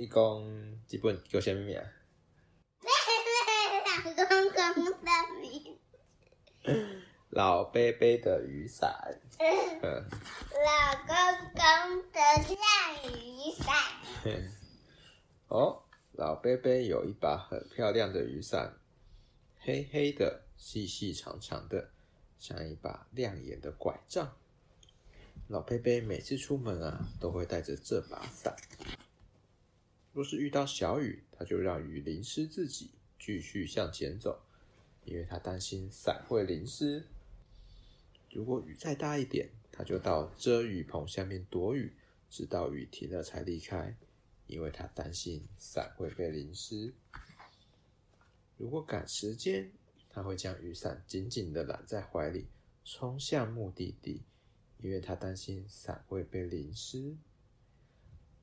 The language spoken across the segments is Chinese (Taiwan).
你講這本叫什麼名？老公公的雨傘，老伯伯的雨傘，老公公的亮雨傘。哦，老伯伯有一把很漂亮的雨傘，黑黑的，細細長長的，像一把亮眼的拐杖。老伯伯每次出門啊，都會帶着這把傘。若是遇到小雨，他就讓雨淋濕自己，繼續向前走，因為他擔心傘會淋濕。如果雨再大一點，他就到遮雨棚下面躲雨，直到雨停了才離開，因為他擔心傘會被淋濕。如果趕時間，他會將雨傘緊緊地攬在懷裡，衝向目的地，因為他擔心傘會被淋濕。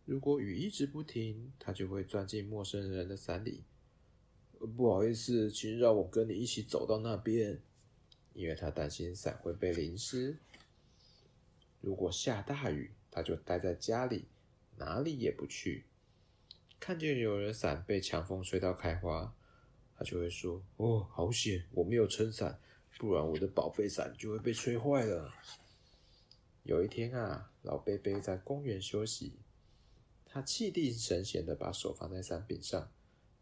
如果雨一直不停，他就會鑽進陌生人的傘裡。呃、不好意思，請讓我跟你一起走到那邊，因為他擔心傘會被淋濕。如果下大雨，他就待在家裡，哪裡也不去。看見有人傘被強風吹到開花，他就會說：“哦，好險！我沒有撐傘，不然我的寶貝傘就會被吹壞了。”有一天啊，老伯伯在公園休息。他氣定神閑的把手放在傘柄上，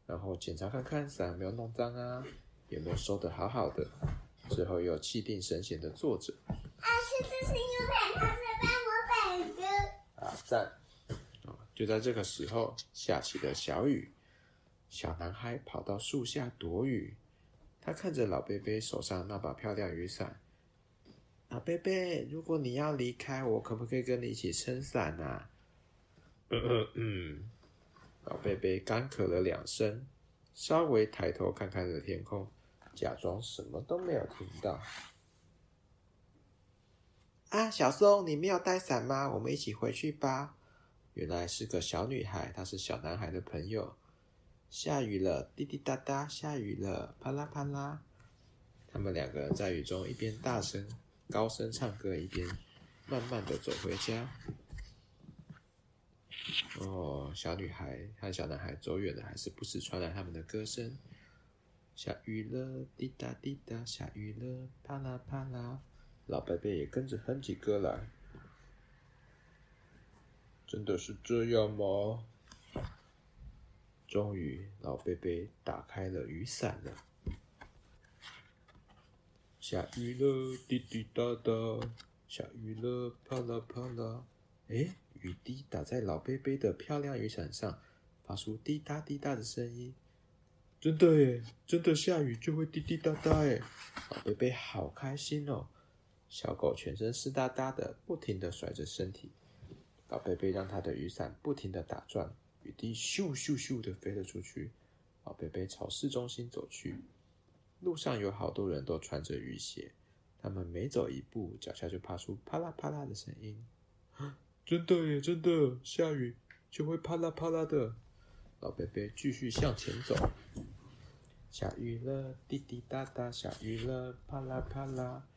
然後檢查看看傘有沒有弄髒啊，有沒有收的好好的，之後又氣定神閑的坐着。啊，是這是有兩套魔板子。啊，贊！就在這個時候下起了小雨，小男孩跑到樹下躲雨，他看着老伯伯手上那把漂亮雨傘。老伯伯，如果你要離開，我可不可以跟你一起撐傘啊？」嗯嗯嗯，老伯伯乾咳了兩聲，稍微抬頭看看了天空，假裝什麼都沒有聽到。啊，小松，你沒有帶傘嗎？我們一起回去吧。原來是個小女孩，她是小男孩的朋友。下雨了，滴滴答答，下雨了，啪啦啪啦。他們兩個在雨中一邊大聲高聲唱歌，一邊慢慢的走回家。哦，小女孩和小男孩走遠了，還是不時傳來他們的歌聲。下雨了，滴答滴答，下雨了，啪啦啪啦。老伯伯也跟着哼起歌來。真的是這樣嗎？終於，老伯伯打開了雨傘了。下雨了，滴滴答答，下雨了，啪啦啪啦。誒。雨滴打在老伯伯的漂亮雨傘上，發出滴答滴答的聲音。真的耶，真的下雨就會滴滴答答耶。老伯伯好開心哦。小狗全身濕噠噠的，不停地甩着身體。老伯伯讓他的雨傘不停地打轉，雨滴咻咻咻的飛了出去。老伯伯朝市中心走去，路上有好多人都穿着雨鞋，他們每走一步，腳下就發出啪啦啪啦的聲音。真的耶，真的，下雨就會啪啦啪啦的。老杯杯繼續向前走。下雨了，滴滴答答；下雨了，啪啦啪啦。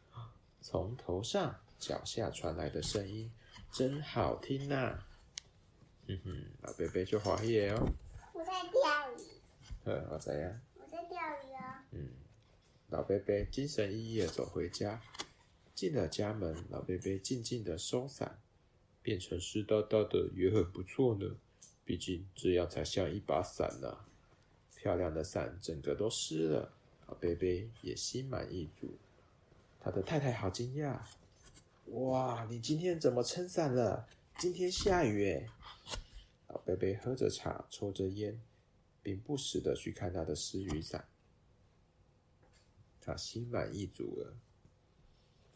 從頭上、腳下傳來的聲音，真好聽吶、啊。嗯哼，老杯杯就好耶哦。我在釣魚。呵，我在呀。我在釣魚哦。魚哦嗯，老杯杯精神奕奕的走回家。進了家門，老杯杯靜靜的收傘。變成濕噠噠的也很不錯呢，畢竟這樣才像一把傘呢、啊。漂亮的傘整個都濕了，老貝貝也心滿意足。他的太太好驚訝，哇，你今天怎麼撐傘了？今天下雨哎。老貝貝喝着茶，抽着煙，並不時地去看他的濕雨傘。他心滿意足了。